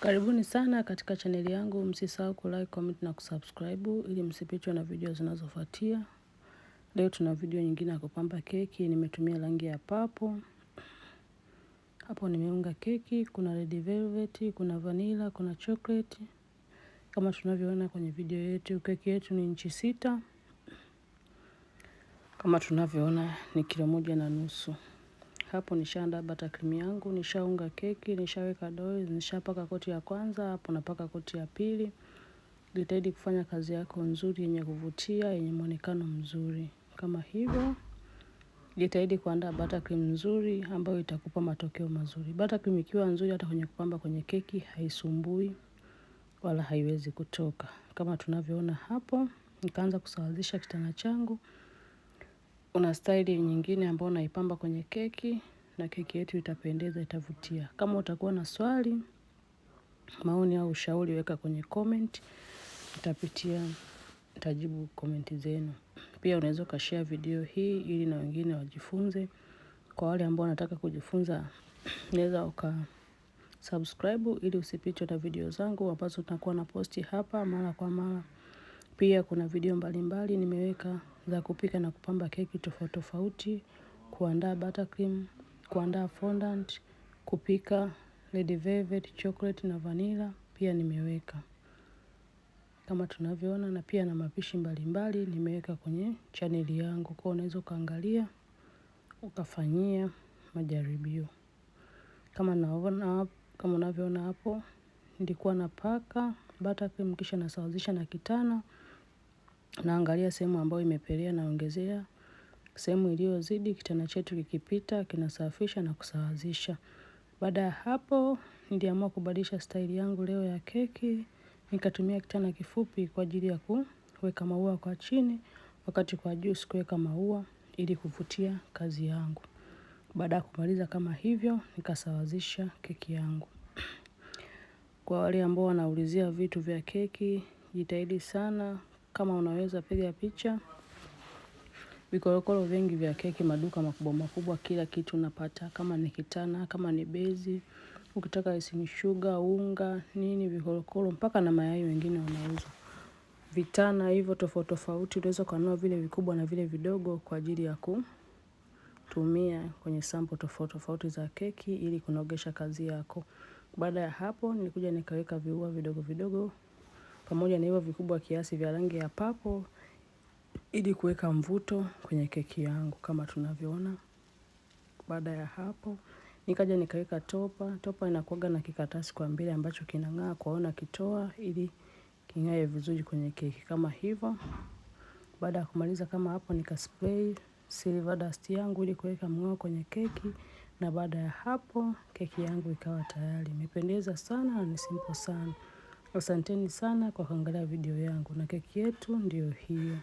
Karibuni sana katika chaneli yangu, msisahau like, comment na kusubscribe ili msipitwe na video zinazofuatia. Leo tuna video nyingine ya kupamba keki, nimetumia rangi ya papo. Hapo nimeunga keki, kuna red velvet, kuna vanilla, kuna chocolate. Kama tunavyoona kwenye video yetu, keki yetu ni inchi sita. Kama tunavyoona ni kilo moja na nusu. Hapo nishaandaa bata krimi yangu, nishaunga keki, nishaweka doi, nishapaka koti ya kwanza, hapo napaka koti ya pili. Jitahidi kufanya kazi yako nzuri yenye kuvutia, yenye mwonekano mzuri. Kama hivyo, jitahidi kuandaa butter nzuri ambayo itakupa matokeo mazuri. Butter ikiwa nzuri hata kwenye kupamba kwenye keki haisumbui wala haiwezi kutoka. Kama tunavyoona hapo, nikaanza kusawazisha kitana changu una staili nyingine ambayo unaipamba kwenye keki na keki yetu itapendeza, itavutia. Kama utakuwa na swali, maoni au ushauri, weka kwenye comment, nitapitia nitajibu komenti zenu. Pia unaweza ukashare video hii ili na wengine wajifunze. Kwa wale ambao wanataka kujifunza, unaweza uka subscribe ili usipitwe na video zangu ambazo tunakuwa na posti hapa mara kwa mara. Pia kuna video mbalimbali nimeweka za kupika na kupamba keki tofauti tofauti, kuandaa buttercream, kuandaa fondant, kupika red velvet, chocolate na vanilla pia nimeweka. Kama tunavyoona na pia na mapishi mbalimbali nimeweka kwenye chaneli yangu kwa unaweza ukaangalia ukafanyia majaribio. Kama unavyoona hapo nilikuwa napaka buttercream kisha nasawazisha na kitana Naangalia sehemu ambayo imepelea naongezea, sehemu iliyozidi kitana chetu kikipita, kinasafisha na kusawazisha. Baada ya hapo, niliamua kubadilisha staili yangu leo ya keki, nikatumia kitana kifupi kwa ajili ya kuweka maua kwa chini, wakati kwa juu sikuweka maua ili kuvutia kazi yangu. Baada ya kumaliza kama hivyo, nikasawazisha keki yangu. Kwa wale ambao wanaulizia vitu vya keki, jitahidi sana, kama unaweza piga picha. Vikorokoro vingi vya keki, maduka makubwa makubwa, kila kitu unapata, kama ni kitana, kama ni bezi, ukitaka icing sugar, unga, nini, vikorokoro mpaka na mayai wengine wanauza. Vitana hivyo tofauti tofauti, unaweza kununua vile vikubwa na vile vidogo kwa ajili ya kutumia kwenye sample tofauti tofauti za keki ili kunogesha kazi yako. Baada ya hapo nilikuja nikaweka viua vidogo vidogo pamoja na hivyo vikubwa kiasi vya rangi ya papo ili kuweka mvuto kwenye keki yangu kama tunavyoona. Baada ya hapo nikaja nikaweka topa. Topa inakuwaga na kikatasi kwa mbele ambacho kinang'aa kwaona kitoa ili king'ae vizuri kwenye keki kama hivyo. Baada ya kumaliza kama hapo, nika spray silver dust yangu ili kuweka mng'ao kwenye keki, na baada ya hapo keki yangu ikawa tayari. Imependeza sana na ni simple sana. Asanteni sana kwa kuangalia video yangu na keki yetu ndiyo hiyo.